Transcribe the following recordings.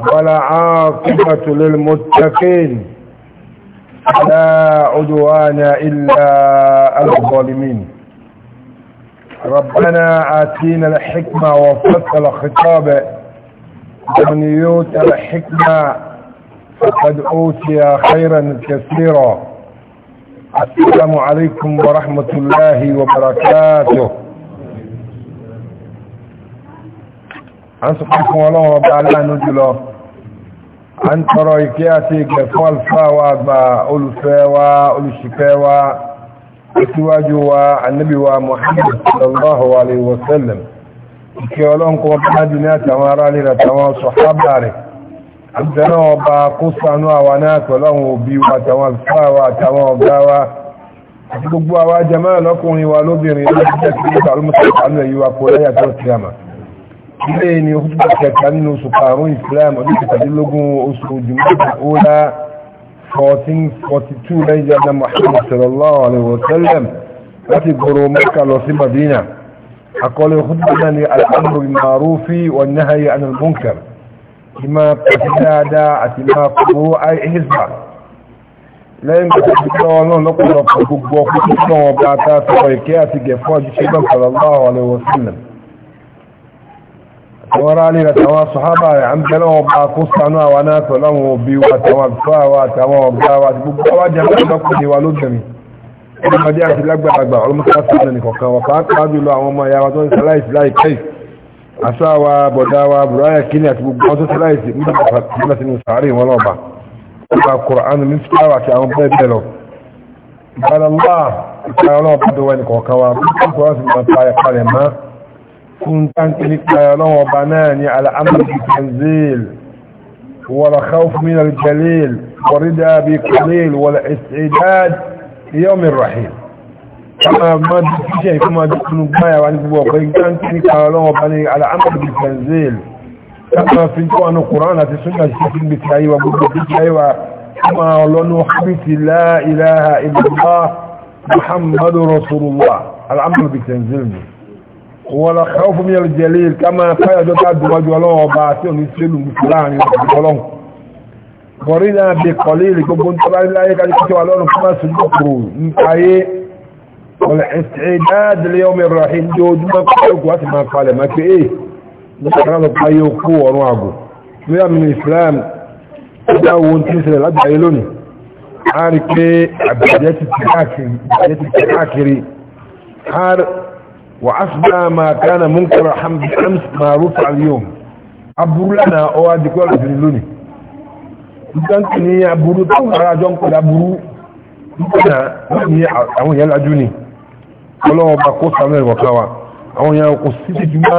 ولا عاقبة للمتقين لا عدوان إلا الظالمين ربنا آتينا الحكمة وفصل خطابه ومن يوت الحكمة فقد أوتي خيرا كثيرا السلام عليكم ورحمة الله وبركاته a ń sọ pé fún ọlọ́wọ́ bá aláàánú jùlọ a ń tọrọ ìkẹ́ àti ìgẹ̀ fún alfáwa àgbà olùfẹ́ wa olùṣìfẹ́ wa ìsíwájú wa annabi wa muhammad sallallahu alaihi wasallam ìkẹ́ ọlọ́nkọ́ bá jù ọba kó àti gbogbo àwa bẹ́ẹ̀ ni oṣù kẹta nínú oṣù karùn-ún islam ọdún kẹtàdínlógún oṣù jùmọ́ta ọlá 1442 lẹ́yìn jẹ́ muhammad sallallahu alaihi wasallam láti gbọ́rọ̀ mẹ́ka lọ sí madina akọlẹ̀ ọkùnrin náà ni al'amuru marufi wọn ní hayi anil bunkar ima pàtí dáadáa àti ma kúrò àìhìsbà lẹ́yìn kẹtàdínlọ́ náà lọ́pọ̀lọpọ̀ gbogbo ọkùnrin náà bá ta àwọn ará lè àtàwọn sọ̀hábà rẹ̀ à ń bẹ̀rẹ̀ wọn bá kó sánú àwọn náà tọ̀ láwọn òbí wa àtàwọn àbúrò àwọn àtàwọn ọ̀gá wa àti gbogbo àwọn jẹ́ alágbàkùnrin wa lóbìnrin ọmọdé àti lágbàlagbà ọlọ́mọdé sánú nìkọ̀kan wà pàápàá jùlọ àwọn ọmọ ìyá wa tó ń sẹ́láìsì láìpẹ́ àṣà wa bọ̀dá wa bùráyà kíní àti gbogbo àwọn tó كنت أنت لكيانه وبناني على أمر التنزيل ولا خوف من الجليل ورضا بقليل ولا استعداد يوم الرحيل كما ما شيء كما تكون بايا وعنك بوقي كنت كان لك بني على امر التنزيل كما في القران القران السنه في بتاعي وبتاعي كما لون حبيت لا اله الا الله محمد رسول الله الامر بالتنزيل wala khawfu min al-jalil kama fayajo ta duwaju ọlọ́run ọba tí òní sílù láàrin ọlọ́run bọ̀rí náà bí kọlílì gbogbo ń tọ́lá níláyé kájú kí wà lọ́rùn kí máa sùn kòkòrò ní ayé wọ̀lẹ̀ ìsìndáàdìlẹ̀ yawmi rahim ní ojúmọ́ kọ́kọ́ láti máa falẹ̀ máa pé é ní kàrà lọ páyé okú ọ̀run وعصبنا ما كان منكر حمد أمس ما رفع اليوم أبو لنا أوادك والفلوني ìgbàǹkì ní àbúrú tó ara jọ ń kọ̀dá burú nígbà ní àwọn èèyàn lájú ní ọlọ́ọ̀bà kó samuel wọ̀káwà àwọn èèyàn kò sí ti jùmọ́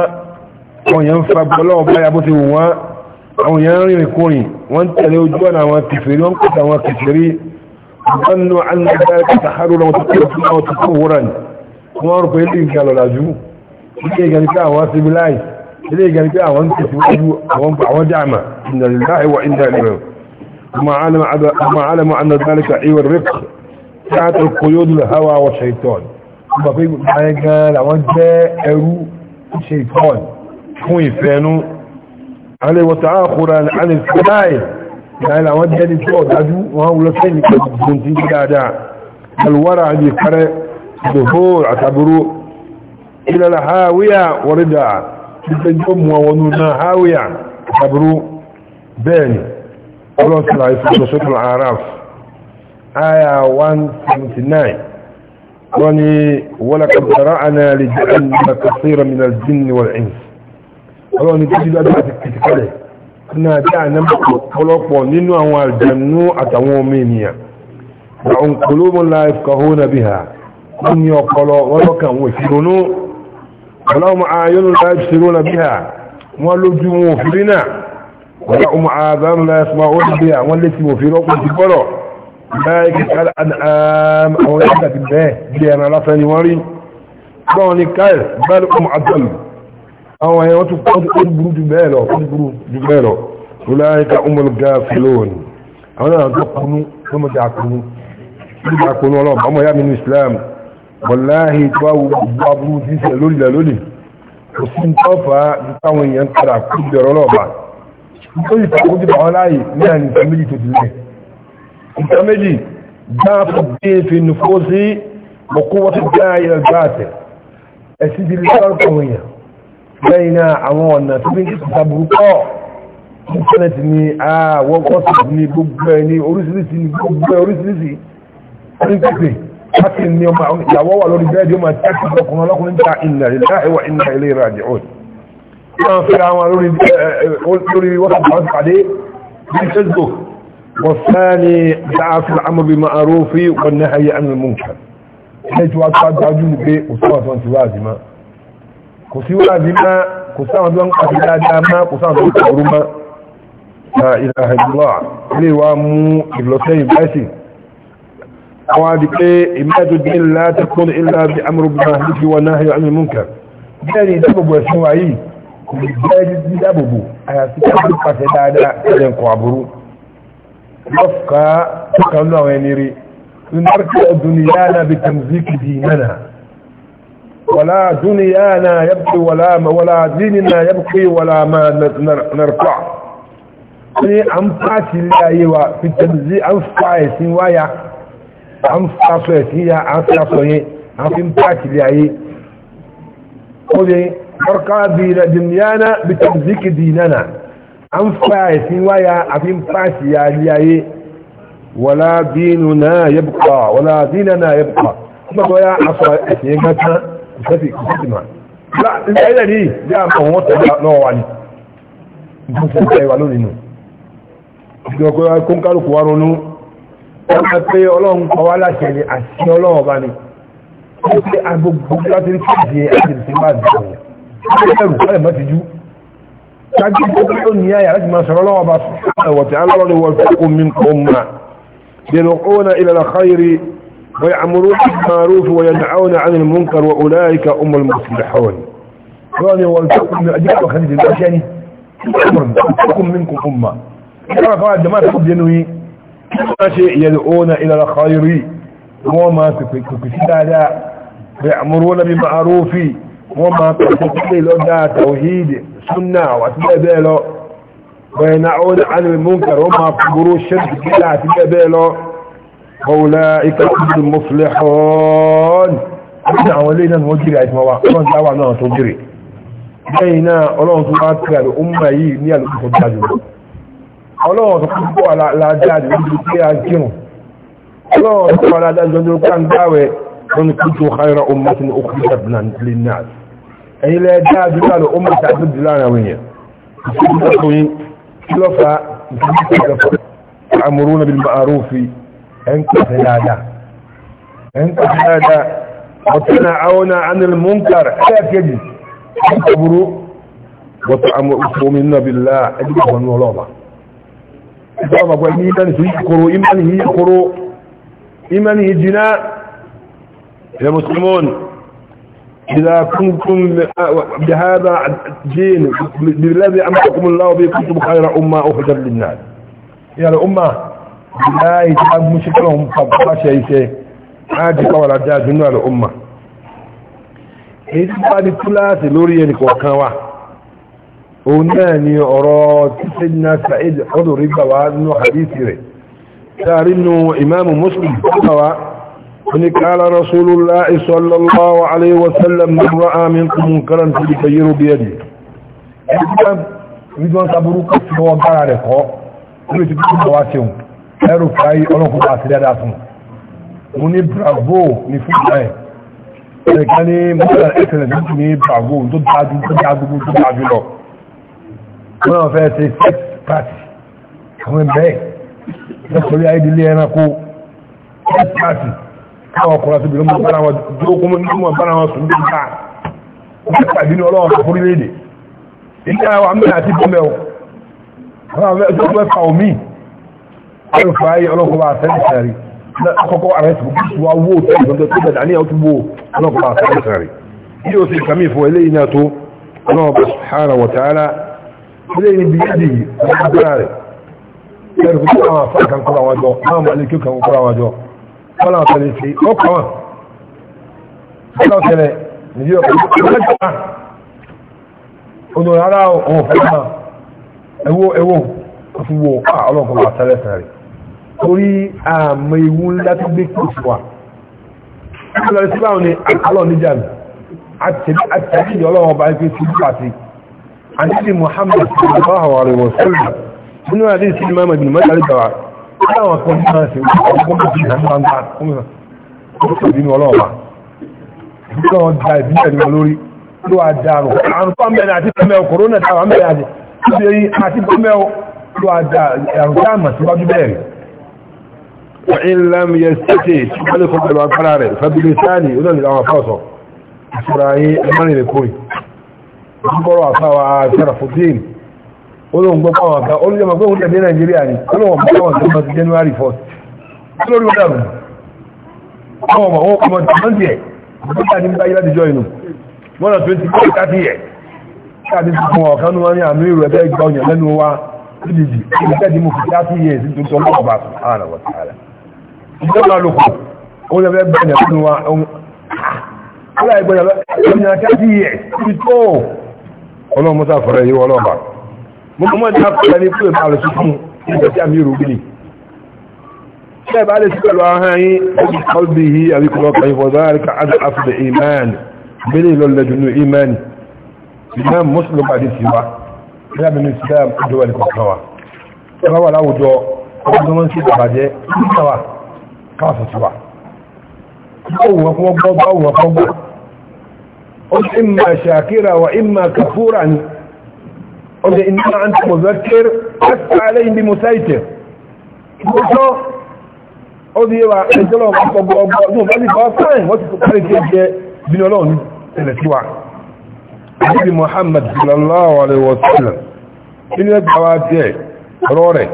àwọn èèyàn ń fa ọlọ́ọ̀bà yàbó ti wùn wọ́n àwọn èèyàn rìn ìkórìn wọ́n tẹ̀lé ojú ọ̀nà àwọn kìfèrí wọ́n kọ̀dá àwọn kìfèrí ọ̀gbọ́n nù wọ́n rò pé ilé ìgbà lọ́dájú ilé ìgbà ní pé àwọn civilize ilé ìgbà ní pé àwọn ń tẹ̀síwájú àwọn dáàmà ìdàlélá ìwà ìdàlélá وما علم أن ذلك عيو الرفق ساعة القيود الهوى والشيطان وفي حاجة لوجه أرو الشيطان شكون يفانو عليه وتآخر عن الفلائل يعني لوجه لسعود عدو وهو لسين كنتين دادا الورع بكره ظهور عتبرو إلى الهاوية وردع تتجم ونونا هاوية عتبرو باني الله تعالى يفضل سورة العراف آية 179 وني ولقد ذرعنا لجهنم كثيرا من الجن والإنس الله نتجد أدعى تكتكاله أنا جعنا مقلقوا ننوى والجنو أتوامينيا لهم قلوب لا يفقهون بها wọ́n ní ọpọlọ wọ́n lọ́kàn wọ́n ìfìrónú ọlọ́mọ ayọ́nù láti ṣeró na bí i wọ́n lójú wọn òfin náà wọ́n lọ́mọ àádọ́nù láti máa wọ́n bí i wọ́n létí òfin rọ́pò ti bọ́rọ̀ àwọn ẹgbẹ́ àwọn tó kọ́ tó burú jù bẹ́ẹ̀ tó jà kunú ọlọ́ọ̀bá ọmọ yá mi ní Islam wọláhì tó wá wúwú sísẹ lórí ilẹ̀ lónìí kò sí ń tọ́fà ní táwọn èèyàn padà kú ìdọ̀rọ̀ lọ́ọ̀bà tó yìí tó kójú bàwọn láàyè ní àní nǹkan méjì tó ti lẹ̀ nǹkan méjì dáàfù bí fi nùfó sí mọ̀kún wọ́n ti dá ilẹ̀ gbáàtẹ̀ ẹ̀sìn ti lè sọ́rọ̀ láti ní ọmọ àwọn ìyàwó wà lórí bẹ́ẹ̀dì ó máa tẹ́kì lọ́kùnrin ọlọ́kùnrin ta inna lillahi wa inna ilayhi raji'un wọ́n fi àwọn lórí eh, eh, wọ́n pàdé bí facebook wọ́n sáàni dáàfin amọ̀bí ma'arufi wọ́n ní ayé àmì múnkà ẹjọ́ àtàjájú ní pé òṣùwàsán ti wáàzí má kò sí wáàzí má kò sáwọn tó ń pàdé dáadáa má kò sáwọn tó ń pàdé má la ilaha illallah ilé wa mú ìlọsẹ́yìn báyìí عوادك إماد الدين لا تكون إلا بأمر بالمعروف والنهي عن المنكر جاني جاني أنا سيكون قصدا لن قعبرو وفقا تقلنا وينيري لنركع دنيانا بتمزيك ديننا ولا دنيانا يبقي ولا ما ولا ديننا يبقي ولا ما نرفع ni an fashi layewa fitar zai an à ń a ẹ̀ sí ya yẹn à ń fi ayé ó lè ọ̀rọ̀ká dìínà dìníyàna bí tẹ̀síkì dìínàna à ń fa ẹ̀sìn ya ayé náà yẹ náà yẹ ya aso ẹ̀sìn yẹn gata ilé wà lónìí nù ọ̀nà pé ọlọ́run kọwá láṣẹ ni àti ọlọ́run ọba ni ó pé agbègbè láti rí kéèjì àjèjì máa dùn ẹrù ọlẹ̀ mọ́ ti jú ṣáájú tó bí ó ní àyà láti máa sọ̀rọ̀ ọlọ́run ọba ẹ̀wọ̀tí alọ́rọ̀ ni wọ́n kó mi kọ́ mà dèrò ọ̀nà ilẹ̀ àkáyèrè wọ́n àmúrò معروف وينعون عن المنكر وأولئك هم المفلحون يعني ولتكن من أجل وخليج الأشياء أمر تكن منكم أمة ترى فوائد ما تقبل ينوي شيء يدعون إلى الخير وما تفكك سدادا يأمرون بمعروف وما تفكك لدى توحيد سنة وتبابيله وينعون عن المنكر وما تقروا الشرك بلا تبابيله أولئك هم المفلحون أبدا ولينا نوجري عيث مواء أولا دعوانا نتوجري بينا أولا نتوجري أمي نيال أمي ọlọ́wọ̀n tó kúkú wà ládáàdì lójú pé a kírùn ọlọ́wọ̀n tó wà ládáàdì lójú pé a ń dáwẹ̀ wọn kúkú haira umarsin okùnrin na linnas ẹ̀yìn lẹ́dáàdì láàrín umarsin àdúgbì láàrín àwọn èèyàn wata amuru wata amuru min nabi la ajiyar wani ìjọba gbogbo ẹni ìmẹ́ni sí kòrò ìmẹ́ni yìí kòrò ìmẹ́ni yìí jìnà ya musulmon إذا كنتم بهذا الدين بالذي أمركم الله به كنتم خير أمة أخرجت للناس يا الأمة لا يتعب مشكلهم فبقى شيء شيء عادي قول عجاز من الأمة إذا بعد كلها سلوريا لكوكاوة هناني أراد سيدنا سعيد حضر الدواء أنه حديث إليه سار أنه إمام مسلم الدواء قال رسول الله صلى الله عليه وسلم من رأى منكم منكرا فليغيره بيده ìjọba sàbúrú kí wọ́n gbára rẹ̀ kọ́ ló ti kí wọ́n wá ṣeun ẹrù fàáyí ọlọ́kùn bá ti dáadáa fún mo ní bravo ní fún wọ́n náà fẹ́ ṣe sex party àwọn ẹgbẹ́ lọ́kọ̀ọ́lé ayédílé ẹranko sex party káwọn ọkùnrin àti obìnrin bára wọn jókòó nínú wọn bára wọn sùn bí ká wọ́n fẹ́ pàdé ní ọlọ́run tó fúrí léde ilé ara wa mìíràn àti bọ́mẹ̀ o wọ́n fẹ́ tó fẹ́ fa omi ayò fà áyé ọlọ́kọ̀ọ́ bá sẹ́ni sẹ́rí akọ́kọ́ ààrẹ tó kí wá wó tó ìgbọ́n tó bẹ̀rẹ̀ àníyàn tó wó ọlọ́kọ̀ọ́ bá sẹ́ni sẹ́rí ilé òsì kàmí ìfọ̀ eléyìí náà tó ọlọ́run bá sùhánà wọ̀tàálà eléyìí bí yẹ́dì agbára rẹ̀ ẹ̀rù kúkú àwọn afá kan kọ́ra wọn jọ máa mọ̀ lẹ́kí kan kọ́ra wọn jọ wọ́n náà tẹ̀lé sí ọkọ̀ wọn wọ́n náà tẹ̀lé nìyí ọkọ̀ wọn jọ náà ọdún rárá ọ̀hún ah, fún náà ẹwọ́ ẹwọ́ fúnwọ́ ọlọ́kọ̀ wà tẹ́lẹ̀ sẹ́rẹ̀ torí àmọ́ ewu ńlá tó gbé kù sí wa wọ́n lọ sí báwọn ni àlọ́ níjà mi àtẹ̀lé ọlọ́wọ́ bá ń pè sí عن ابي محمد صلى الله عليه وسلم من هذه الامام ابن مالك الجوع انا وكل الناس يقوم بها عن بعض دين ولا ما كان جاي دين الملوري لو ادارو عن قام انا اتي كما كورونا تاع عم يعني دي اتي كما لو ادارو يعني كما سبب بيري وإن لم يستطيع فلكم بالعقرار فبلساني وذل الأمر فاصل أي أماني لكوي gbọ́rọ̀ àfáwà sẹ́ràfùdín olóhun gbọ́ pàwọn àká olóyọmọ pé òun tẹ̀lé nàìjíríà ní olóhun pàwọn tó mọ́ ti january 1st olórí wọ́n dàrù àwọn ọmọ wọn kọmọ tí wọ́n tiẹ̀ nígbà ní báyìí láti jọ inú wọ́n nà 20 30 yẹ káàdì tó fún ọ̀kan ní wọ́n ní àmì ìrù ẹgbẹ́ ìgbà ọ̀yàn lẹ́nu wa lójijì ibi tẹ́ẹ̀dì mo fi 30 years ní tuntun ọmọ ọba sùhánà wọ́n ti hàlà ìjọba lóko òun lè fẹ́ bẹ̀rẹ̀ nínú wa ó láì gbọ́dọ̀ lọ́yìn 30 years ọlọ́run mọ́sá fẹ́rẹ̀ yíwọ́ ọlọ́ọ̀bà mọ́mọ́ ní àpẹẹrẹ ní pé máa lọ sí fún ìgbà tí àmì ìrògbìn ṣe bá lè sí pẹ̀lú ahọ́n yín ọdún kọ́lbí yìí àríkùnlọ́ kan ìfọ̀ dáríkà àti àfẹ́ ìmáàn gbélé lọ́lẹ́dù ní ìmáàn ìmáàn mọ́sùlùmí àti tiwa ìlànà إما شاكرا وإما كفورا قلت إنما أنت مذكر حتى عليهم بمسيطر قلت قلت يبا إجلهم أصبوا أبوهم قلت فاطمين وتتقلت يجي بن ولون الأسواع نبي محمد صلى الله عليه وسلم إن يدعواتي روري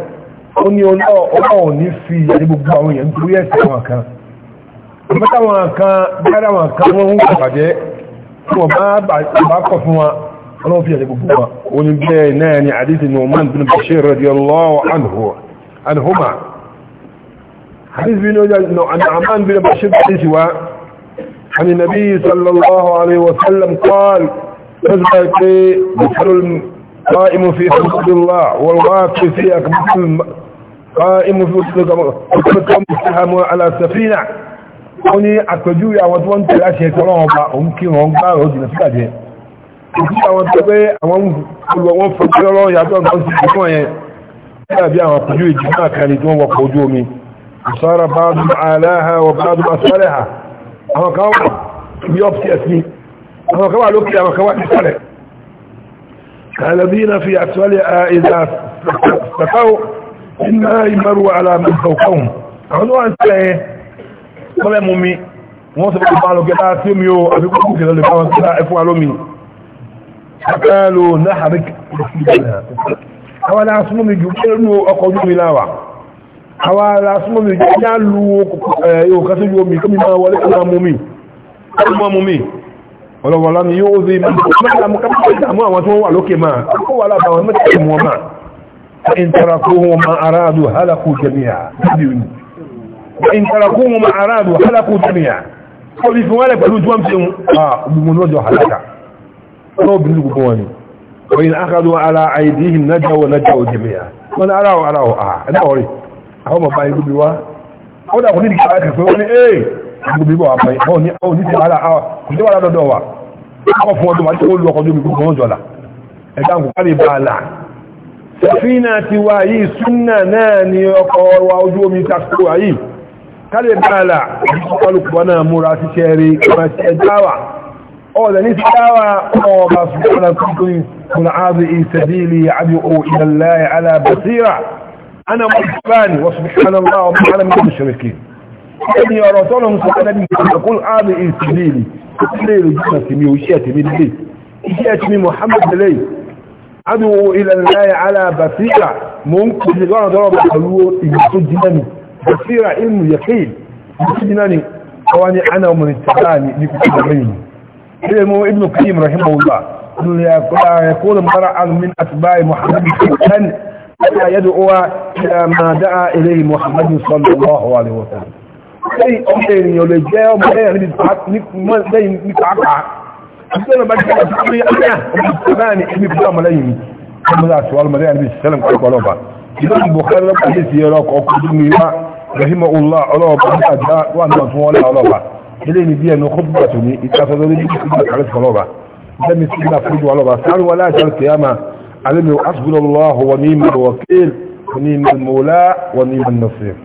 قلت يونا أولوني في يعني بقبعوني أنتوا يسعوا كان متى وكان بلا وكان وهم قبعجي wọ́n bá kọ̀ fún wa ọlọ́wọ́ fi ẹ̀lẹ́ gbogbo wa o ní bẹ́ẹ̀ náà ni àdísì norman bin bashir radiyallahu anhuma àdísì bin norman bin bashir àdísì wa عن النبي صلى الله عليه وسلم قال نزلت مثل القائم في حدود الله والواقف في أكبر القائم في حدود الله على سفينة ó ní àpèjúwe àwọn tí wọ́n ń tẹ̀lé àṣẹ ẹ̀kọ́ ọlọ́run ọba òun kí wọ́n gbá ọ̀rọ̀ jìnà sí bàjẹ́ òkú àwọn tó pé àwọn olùwọ́n fọ́jọ́ ọlọ́run yàtọ̀ nǹkan sí ìlú wọn yẹn nígbàbí àwọn àpèjúwe jìnà àkàlẹ̀ tí wọ́n wọkọ̀ ojú omi ìsọ́ra báàdùn aláha wọ báàdùn asọ́rẹ̀ ha àwọn kan wà bí upstairs ni àwọn kan wà lókè àwọn kan wà nísàlẹ̀ kàlẹ́bí na fi àtúwálẹ̀ ìdá sàkáwò iná ìmọ̀rù alámọ̀ àwọn tó wà ń sẹ́yìn kọ́lẹ̀ mú mi wọ́n sọ pé báwọn gẹ́ta tí ó mi ó àfikún kìí lọ́lẹ̀ báwọn tí ẹfún alómi àkàlò náà àríkì àwọn aláàsúnmọ́ mi jù pé nínú àwọn aláàsúnmọ́ mi jù já máa wọlé kí máa mú mi máa mú mi ọlọ́wọ́lá wọ́n máa kó wà lábàwọn mẹ́ta ìmú وإن تركوهم ما أرادوا حلقوا جميعا قولي فوالك قالوا جوام سيهم آه من وجه حلقا رب نقبواني وإن أخذوا على أيديهم نجوا ونجوا جميعا وانا أراه أراه آه أنا أوري أهو ما باي قبلوا أهو دا أخذني لك آيك فواني إيه قبلوا أباي أهو ني أهو نيسي على آه كنت ولا دوا أخو فوانتم أنت قولوا أخذوا بكم وجولا ẹ̀dá kùkàrí bá àlà sẹ́fínà ti wà yìí súnnà náà ni ọkọ̀ wa ojú omi takò wà yìí kálẹ̀ báàlà ọlùpọ̀ náà múra sí ṣẹ́rí ọ̀rẹ́sẹ̀dáwà ọ̀dẹ̀ ní sáwà ọba sùgbọ́n tuntun kùnà áàbì ìsẹ̀dílì àbíò ìdàláyà alábàtíra ana mọ̀sùlùmí wasu subhanallah wa ma'ala min mushriki ni ọ̀rọ̀ tọ́nà ń sọ ẹ́nàbí kùn áàbì ìsẹ̀dílì kúlẹ̀ ìrìnà sí mi òṣìṣẹ́ ti mi dé iṣẹ́ ti mi muhammad lay àbíò ìdàláyà alábàtíra mo ń kùnà tọ́nà tọ́nà pẹ̀lú ìgbà tó jiná mi basira ilmu yaqin kina ne wani ana mun tsani ni ku da mai sai mu ibnu qayyim rahimahullah يقول مرعا من أتباع محمد كان لا يدعو إلى ما دعا إليه محمد صلى الله عليه وسلم أي أمين يولجي أمين يولجي أمين يتعقع أمين بجي أمين أمين أمين بجام لين كما ذا سؤال مريان بيش سلم قلوبا إذا البخاري لك حديث يراك أكدني رحم الله على ابن عبد وان مولى على ابا دليل دي انه خطبتني اتفضل لي في حاله خلوبا دم سيدنا فرد على ابا سار ولا شر قيامه علمي واسجد الله ونيم الوكيل ونيم المولى ونيم النصير